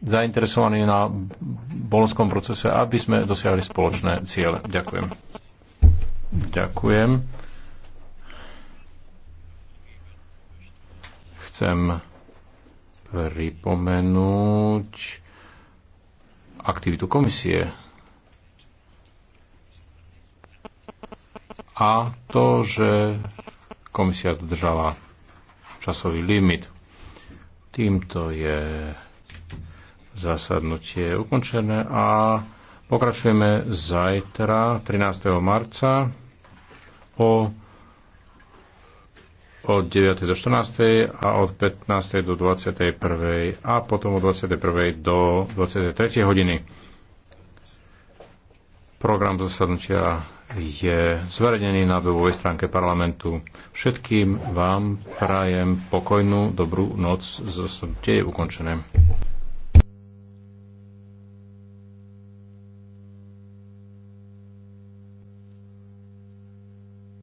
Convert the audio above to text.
zainteresovaní na bolonskom procese, aby sme dosiahli spoločné ciele. Ďakujem. Ďakujem. Chcem pripomenúť aktivitu komisie a to, že komisia dodržala časový limit. Týmto je Zasadnutie je ukončené a pokračujeme zajtra 13. marca o od 9. do 14. a od 15. do 21. a potom od 21. do 23. hodiny. Program zasadnutia je zverejnený na webovej stránke parlamentu. Všetkým vám prajem pokojnú dobrú noc. Zasadnutie je ukončené.